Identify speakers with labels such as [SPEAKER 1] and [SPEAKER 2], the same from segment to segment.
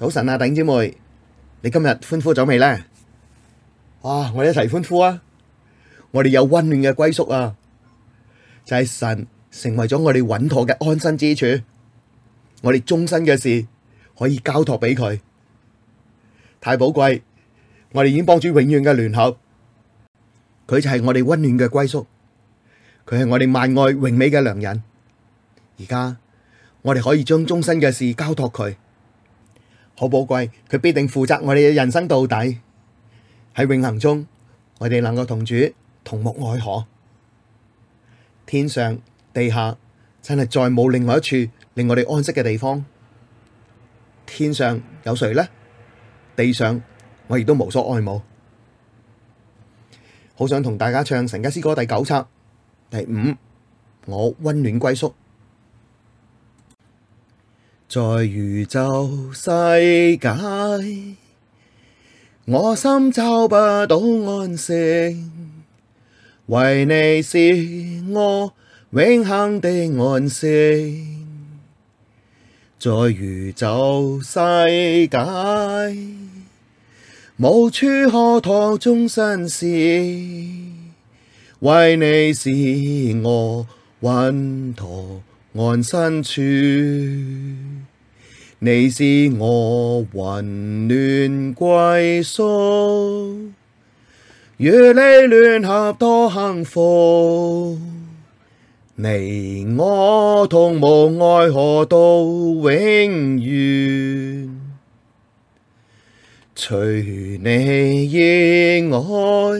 [SPEAKER 1] 早晨啊，弟兄姊妹，你今日歡呼咗未咧？啊，我哋一齊歡呼啊！我哋有溫暖嘅歸宿啊，就係神成為咗我哋穩妥嘅安身之處。我哋終身嘅事可以交託俾佢，太寶貴。我哋已經幫主永遠嘅聯合，佢就係我哋溫暖嘅歸宿，佢係我哋萬愛榮美嘅良人。而家我哋可以將終身嘅事交託佢。好寶貴，佢必定負責我哋嘅人生到底。喺永恆中，我哋能夠同主同沐愛河，天上地下真係再冇另外一處令我哋安息嘅地方。天上有誰呢？地上我亦都無所愛慕。好想同大家唱神家詩歌第九冊第五，我溫暖歸宿。在宇宙世界，我心找不到安息，惟你是我永恆的安息。在宇宙世界，無處可託終身事，惟你是我穩妥安身處。你是我溫暖歸宿，與你聯合多幸福，你我同沐愛河到永遠，除你以外，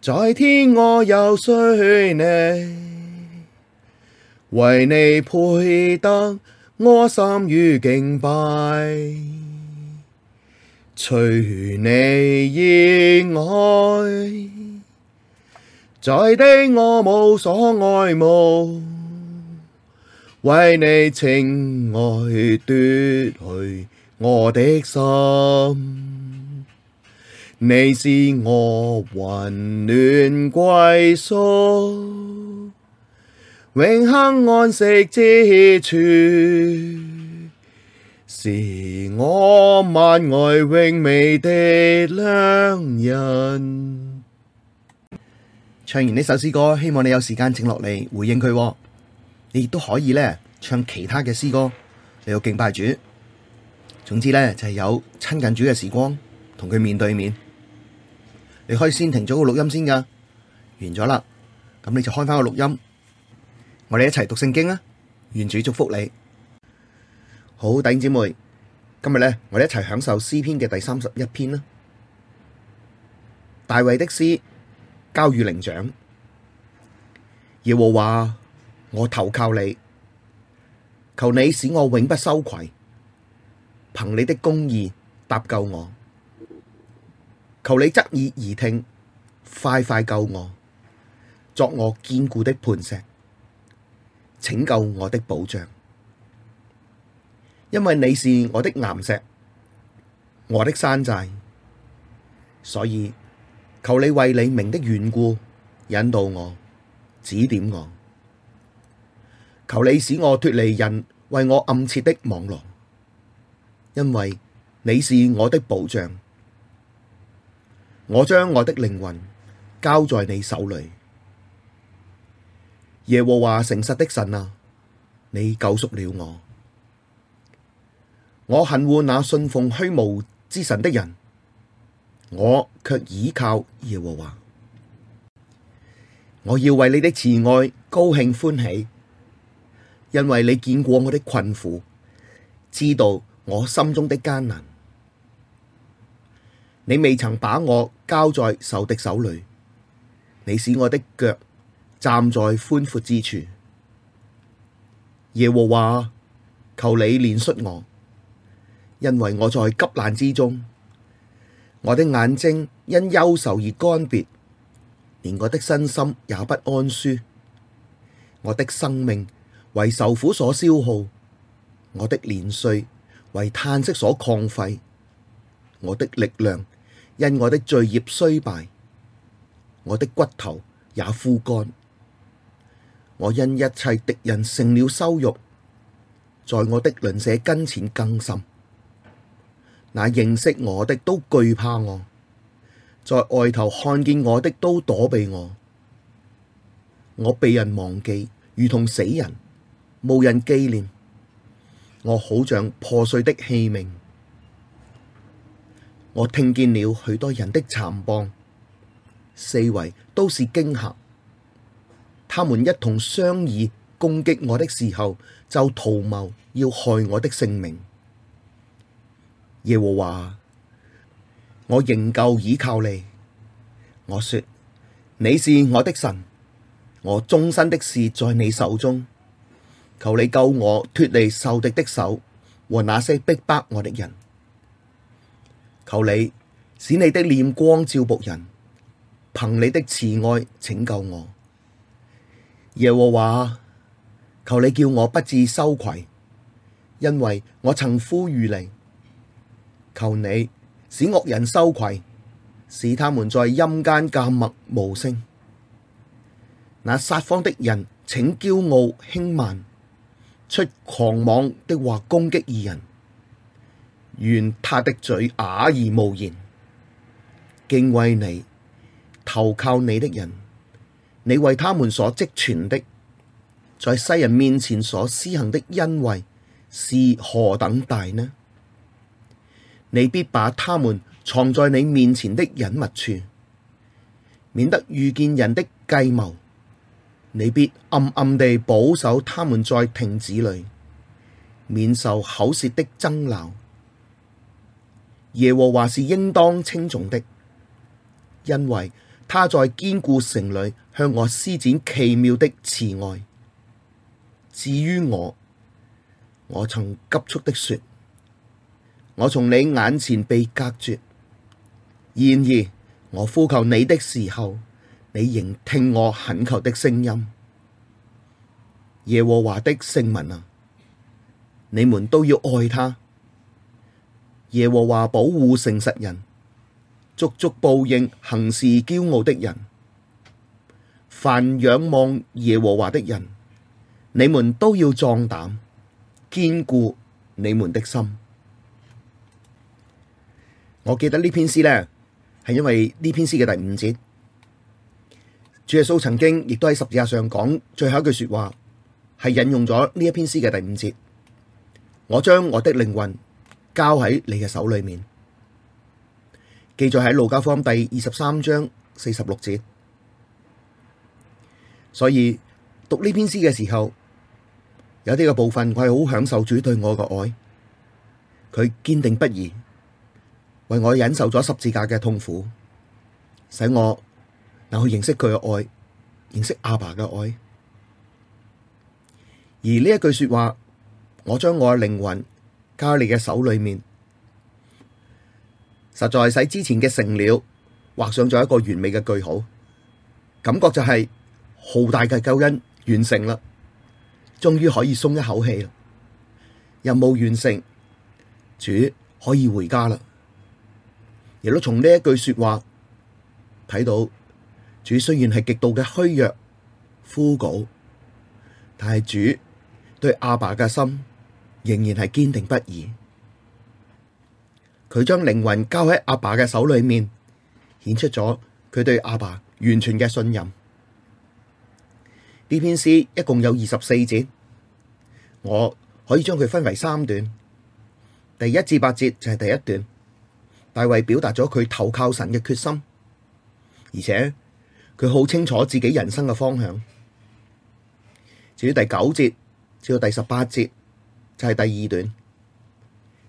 [SPEAKER 1] 在天我有誰呢？惟你配得。我心與敬拜，除你以外，在地我冇所愛慕，為你情愛奪去我的心，你是我溫暖歸宿。永恆安身之處，是我萬愛榮美的良人。唱完呢首詩歌，希望你有時間靜落嚟回應佢。你亦都可以咧唱其他嘅詩歌，你要敬拜主。總之咧就係、是、有親近主嘅時光，同佢面對面。你可以先停咗個錄音先噶，完咗啦，咁你就開翻個錄音。我哋一齊讀聖經啦，願主祝福你。好，弟兄姊妹，今日咧，我哋一齊享受詩篇嘅第三十一篇啦。大衛的詩交與伶長，耶和華，我投靠你，求你使我永不羞愧，憑你的公義搭救我，求你側耳而聽，快快救我，作我堅固的磐石。拯救我的保障，因為你是我的巖石，我的山寨，所以求你為你名的緣故引導我，指點我，求你使我脫離人為我暗設的網羅，因為你是我的保障，我將我的靈魂交在你手裡。耶和華誠實的神啊，你救贖了我，我恨惡那信奉虛無之神的人，我卻倚靠耶和華。我要為你的慈愛高興歡喜，因為你見過我的困苦，知道我心中的艱難，你未曾把我交在仇敵手裡，你使我的腳站在寬闊之處，耶和華求你憐恤我，因為我在急難之中。我的眼睛因憂愁而乾癟，連我的身心也不安舒。我的生命為愁苦所消耗，我的年歲為歎息所曠廢。我的力量因我的罪孽衰敗，我的骨頭也枯乾。我因一切敵人成了羞辱，在我的鄰舍跟前更甚。那認識我的都懼怕我，在外頭看見我的都躲避我。我被人忘記，如同死人，無人記念。我好像破碎的器皿。我聽見了許多人的讒謗，四圍都是驚嚇。他們一同商議攻擊我的時候，就圖謀要害我的性命。耶和華，我仍舊倚靠你。我說：你是我的神，我終身的事在你手中。求你救我脱離仇敵的手和那些逼迫，迫我的人。求你使你的臉光照僕人，憑你的慈愛拯救我。耶和華，求你叫我不致羞愧，因為我曾呼籲你，求你使惡人羞愧，使他們在陰間緘默無聲。那撒謊的人，逞驕傲輕慢，出狂妄的話攻擊義人，願他的嘴啞而無言。敬畏你、投靠你的人，你為他們所積存的，在世人面前所施行的恩惠是何等大呢？你必把他們藏在你面前的隱密處，免得遇見人的計謀；你必暗暗地保守他們在亭子裡，免受口舌的爭鬧。耶和華是應當稱頌的，因為他在堅固城裡。向我施展奇妙的慈愛。至於我，我曾急促的說：我從你眼前被隔絕。然而我呼求你的時候，你仍聽我懇求的聲音。耶和華的聖民啊，你們都要愛他。耶和華保護誠實人，足足報應行事驕傲的人。凡仰望耶和華的人，你們都要壯膽，堅固你們的心。我記得呢篇詩呢，係因為呢篇詩嘅第五節，主耶穌曾經亦都喺十字架上講最後一句說話，係引用咗呢一篇詩嘅第五節。我將我的靈魂交喺你嘅手裏面，記載喺路加福音第二十三章四十六節。所以讀呢篇詩嘅時候，有啲個部分，我係好享受主對我嘅愛，佢堅定不移，為我忍受咗十字架嘅痛苦，使我能去認識佢嘅愛，認識阿爸嘅愛。而呢一句說話，我將我嘅靈魂交喺你嘅手裏面，實在係使之前嘅成料畫上咗一個完美嘅句號，感覺就係、是。浩大嘅救恩完成啦，終於可以鬆一口氣啦。任務完成，主可以回家啦。亦都從呢一句說話睇到，主雖然係極度嘅虛弱枯槁，但係主對阿爸嘅心仍然係堅定不移。佢將靈魂交喺阿爸嘅手裏面，顯出咗佢對阿爸完全嘅信任。呢篇詩一共有二十四節，我可以將佢分為三段。第一至八節就係第一段，大衛表達咗佢投靠神嘅決心，而且佢好清楚自己人生嘅方向。至於第九節至到第十八節就係第二段，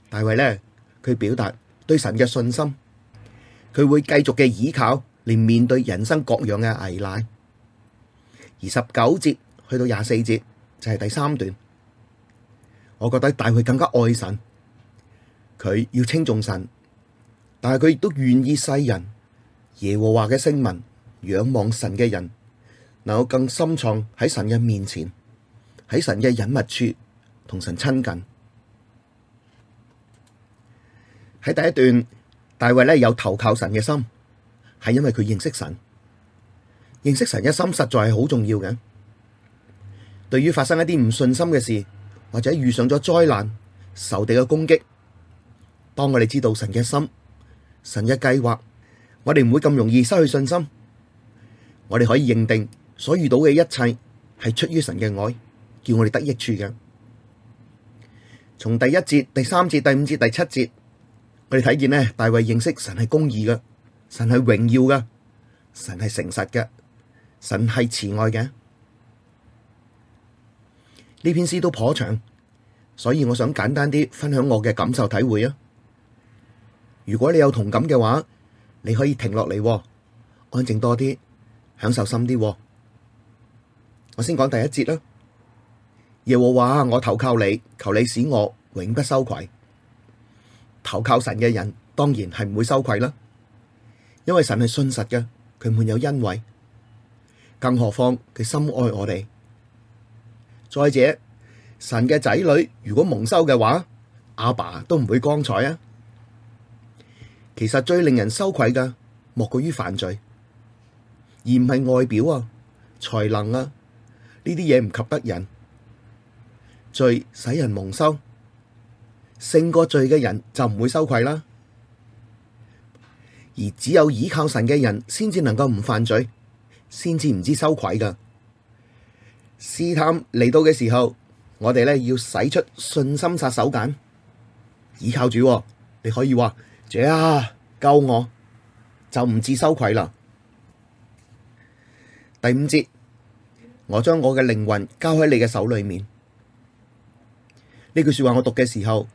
[SPEAKER 1] 大衛呢，佢表達對神嘅信心，佢會繼續嘅依靠，嚟面對人生各樣嘅危難。十節二十九節去到廿四節就係、是、第三段，我覺得大衛更加愛神，佢要稱頌神，但係佢亦都願意世人，耶和華嘅聖民，仰望神嘅人，能夠更深藏喺神嘅面前，喺神嘅隱密處同神親近。喺第一段，大衛咧有投靠神嘅心，係因為佢認識神。認識神嘅心實在係好重要嘅。對於發生一啲唔順心嘅事，或者遇上咗災難、仇敵嘅攻擊，當我哋知道神嘅心、神嘅計劃，我哋唔會咁容易失去信心。我哋可以認定所遇到嘅一切係出於神嘅愛，叫我哋得益處嘅。從第一節、第三節、第五節、第七節，我哋睇見咧，大衛認識神係公義嘅，神係榮耀嘅，神係誠實嘅。神係慈愛嘅，呢篇詩都頗長，所以我想簡單啲分享我嘅感受體會啊。如果你有同感嘅話，你可以停落嚟，安靜多啲，享受深啲。我先講第一節啦。耶和華，我投靠你，求你使我永不羞愧。投靠神嘅人當然係唔會羞愧啦，因為神係信實嘅，佢沒有恩惠。更何況佢深愛我哋。再者，神嘅仔女如果蒙羞嘅話，阿爸都唔會光彩啊。其實最令人羞愧嘅，莫過於犯罪，而唔係外表啊、才能啊呢啲嘢唔及得人。罪使人蒙羞，勝過罪嘅人就唔會羞愧啦。而只有倚靠神嘅人，先至能夠唔犯罪。先至唔知羞愧噶。試探嚟到嘅時候，我哋咧要使出信心殺手鐧，倚靠主。你可以話，主啊，救我，就唔至羞愧啦。第五節，我將我嘅靈魂交喺你嘅手裏面。呢句說話我讀嘅時候，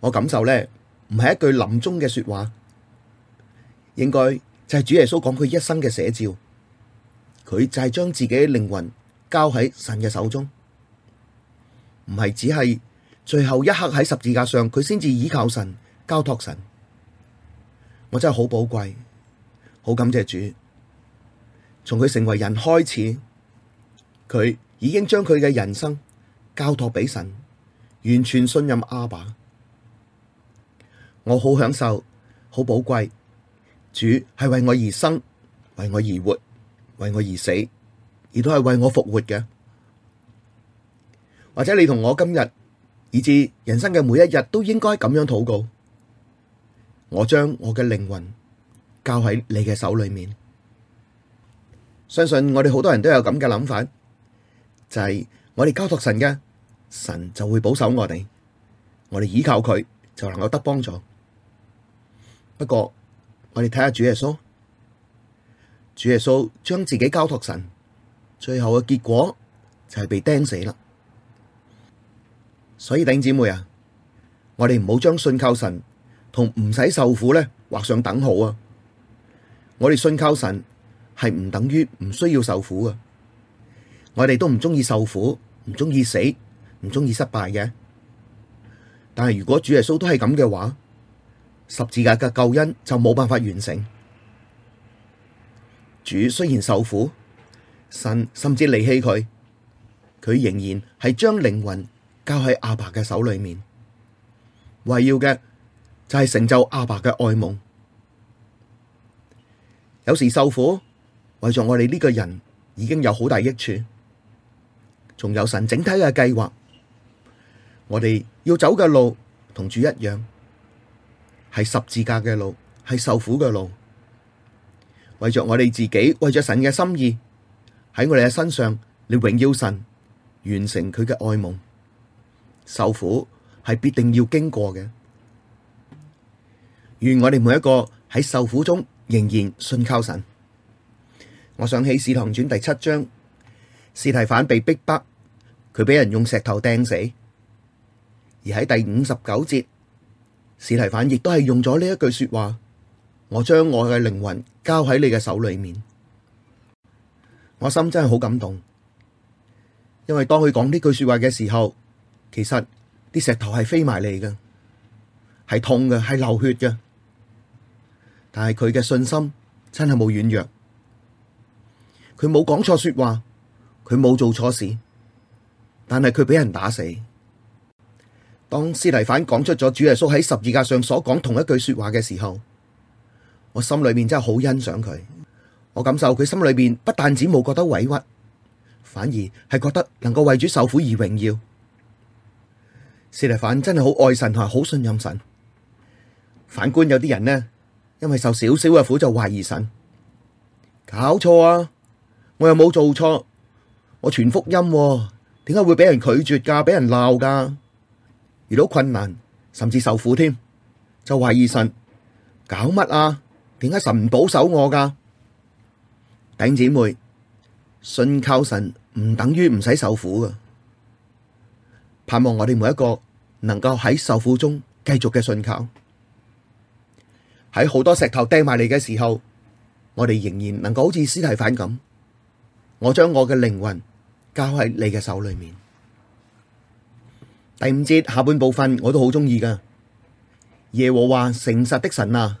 [SPEAKER 1] 我感受咧唔係一句臨終嘅說話，應該就係主耶穌講佢一生嘅寫照。佢就係將自己嘅靈魂交喺神嘅手中，唔係只係最後一刻喺十字架上，佢先至倚靠神交託神。我真係好寶貴，好感謝主。從佢成為人開始，佢已經將佢嘅人生交託俾神，完全信任阿爸。我好享受，好寶貴。主係為我而生，為我而活，為我而死，亦都係為我復活嘅。或者你同我今日，以至人生嘅每一日都應該咁樣禱告。我將我嘅靈魂交喺你嘅手裏面。相信我哋好多人都有咁嘅諗法，就係、是、我哋交託神嘅，神就會保守我哋。我哋依靠佢就能夠得幫助。不過我哋睇下主耶穌。主耶穌將自己交託神，最後嘅結果就係被釘死啦。所以弟兄姊妹啊，我哋唔好將信靠神同唔使受苦咧劃上等號啊！我哋信靠神係唔等於唔需要受苦啊！我哋都唔中意受苦，唔中意死，唔中意失敗嘅。但係如果主耶穌都係咁嘅話，十字架嘅救恩就冇辦法完成。主雖然受苦，神甚至離棄佢，佢仍然係將靈魂交喺阿爸嘅手裏面，為要嘅就係成就阿爸嘅愛夢。有時受苦為咗我哋呢個人已經有好大益處，仲有神整體嘅計劃，我哋要走嘅路同主一樣，係十字架嘅路，係受苦嘅路。為着我哋自己，為着神嘅心意，喺我哋嘅身上，你榮耀神，完成佢嘅愛夢。受苦係必定要經過嘅，願我哋每一個喺受苦中仍然信靠神。我想起《使徒傳》第七章，司提反被逼迫，佢俾人用石頭掟死；而喺第五十九節，司提反亦都係用咗呢一句說話。我將我嘅靈魂交喺你嘅手裏面，我心真係好感動，因為當佢講呢句說話嘅時候，其實啲石頭係飛埋嚟嘅，係痛嘅，係流血嘅，但係佢嘅信心真係冇軟弱，佢冇講錯說話，佢冇做錯事，但係佢俾人打死。當司提反講出咗主耶穌喺十字架上所講同一句說話嘅時候。我心裏面真係好欣賞佢，我感受佢心裏面不但止冇覺得委屈，反而係覺得能夠為主受苦而榮耀。司提反真係好愛神同埋好信任神。反觀有啲人呢，因為受少少嘅苦就懷疑神，搞錯啊！我又冇做錯，我傳福音喎，點解會俾人拒絕噶？俾人鬧噶？遇到困難甚至受苦添，就懷疑神，搞乜啊？點解神唔保守我噶？弟姊妹，信靠神唔等於唔使受苦噶。盼望我哋每一個能夠喺受苦中繼續嘅信靠。喺好多石頭掟埋嚟嘅時候，我哋仍然能夠好似司提反咁，我將我嘅靈魂交喺你嘅手裏面。第五節下半部分我都好鍾意噶。耶和華誠實的神啊！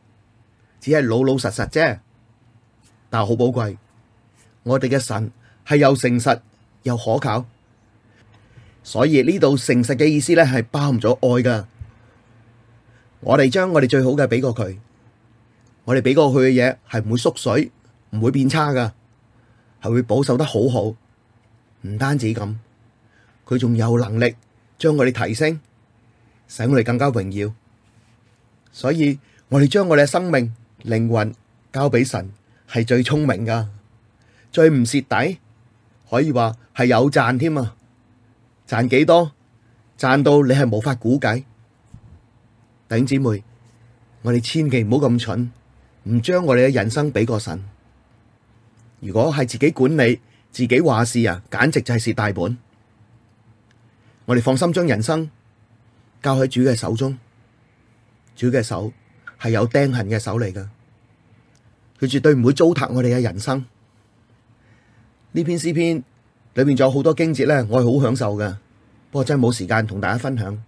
[SPEAKER 1] 只係老老實實啫，但係好寶貴。我哋嘅神係又誠實又可靠，所以呢度誠實嘅意思咧係包含咗愛噶。我哋將我哋最好嘅俾過佢，我哋俾過去嘅嘢係唔會縮水，唔會變差噶，係會保守得好好。唔單止咁，佢仲有能力將我哋提升，使我哋更加榮耀。所以我哋將我哋嘅生命。靈魂交俾神係最聰明噶，最唔蝕底，可以話係有賺添啊！賺幾多？賺到你係無法估計。弟兄姊妹，我哋千祈唔好咁蠢，唔將我哋嘅人生俾個神。如果係自己管理、自己話事啊，簡直就係蝕大本。我哋放心將人生交喺主嘅手中，主嘅手，係有釘痕嘅手嚟噶佢絕對唔會糟蹋我哋嘅人生。呢篇詩篇裏面仲有好多經節咧，我係好享受噶，不過真係冇時間同大家分享。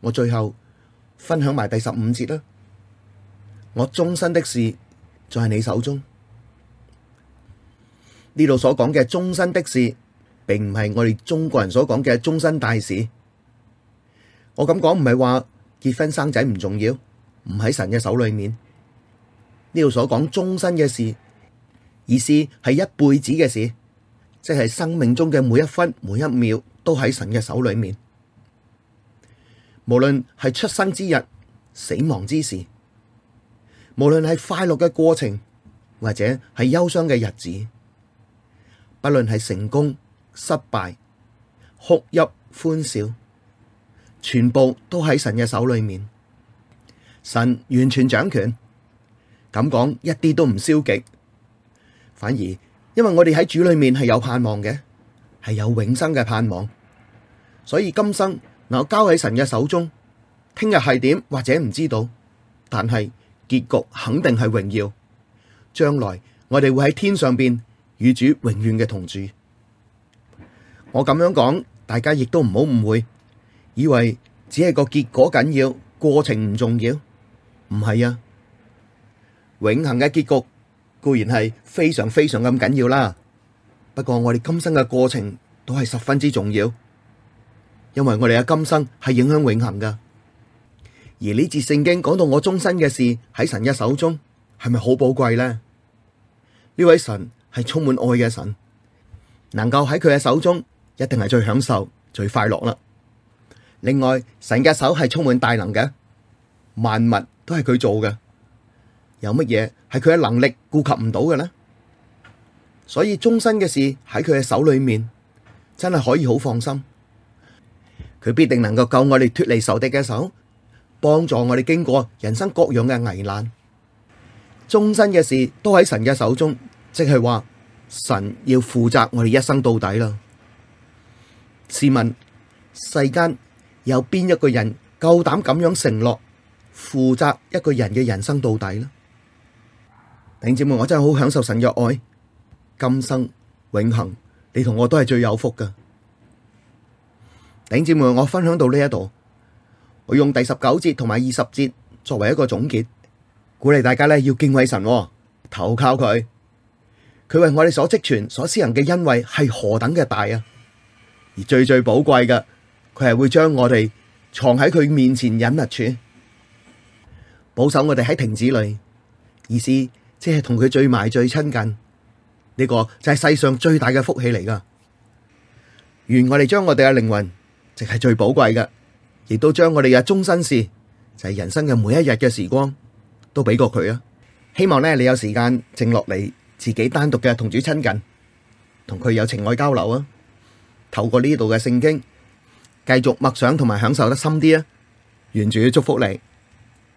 [SPEAKER 1] 我最後分享埋第十五節啦。我終身的事就喺你手中。呢度所講嘅終身的事，並唔係我哋中國人所講嘅終身大事。我咁講唔係話結婚生仔唔重要。唔喺神嘅手裏面，呢度所講終身嘅事，而是係一輩子嘅事，即係生命中嘅每一分每一秒都喺神嘅手裏面。無論係出生之日、死亡之時，無論係快樂嘅過程，或者係憂傷嘅日子，不論係成功、失敗、哭泣、歡笑，全部都喺神嘅手裏面。神完全掌權，咁講一啲都唔消極，反而因為我哋喺主裏面係有盼望嘅，係有永生嘅盼望，所以今生能夠交喺神嘅手中，聽日係點或者唔知道，但係結局肯定係榮耀。將來我哋會喺天上邊與主永遠嘅同住。我咁樣講，大家亦都唔好誤會，以為只係個結果緊要，過程唔重要。唔係啊！永恒嘅結局固然係非常非常咁緊要啦，不過我哋今生嘅過程都係十分之重要，因為我哋嘅今生係影響永恒噶而呢節聖經講到我終身嘅事喺神嘅手中，係咪好寶貴呢？呢位神係充滿愛嘅神，能夠喺佢嘅手中，一定係最享受最快樂啦。另外，神嘅手係充滿大能嘅，萬物，都係佢做嘅，有乜嘢係佢嘅能力顧及唔到嘅呢？所以終身嘅事喺佢嘅手裏面，真係可以好放心。佢必定能夠救我哋脫離仇敵嘅手，幫助我哋經過人生各樣嘅危難。終身嘅事都喺神嘅手中，即係話神要負責我哋一生到底啦。試問，世間有邊一個人夠膽咁樣承諾？負責一個人嘅人生到底啦，頂姊妹，我真係好享受神嘅愛，今生永恒，你同我都係最有福噶。頂姊妹，我分享到呢一度，我用第十九節同埋二十節作為一個總結，鼓勵大家咧要敬畏神，投靠佢，佢為我哋所積存、所施行嘅恩惠係何等嘅大啊！而最最寶貴嘅，佢係會將我哋藏喺佢面前隱密處。保守我哋喺亭子裡，意思即係同佢最埋最親近呢個就係世上最大嘅福氣嚟噶。願我哋將我哋嘅靈魂，即係最寶貴嘅，亦都將我哋嘅終身事，就係人生嘅每一日嘅時光，都俾過佢啊！希望咧你有時間靜落嚟，自己單獨嘅同主親近，同佢有情愛交流啊！透過呢度嘅聖經，繼續默想同埋享受得深啲啊！願主祝福你。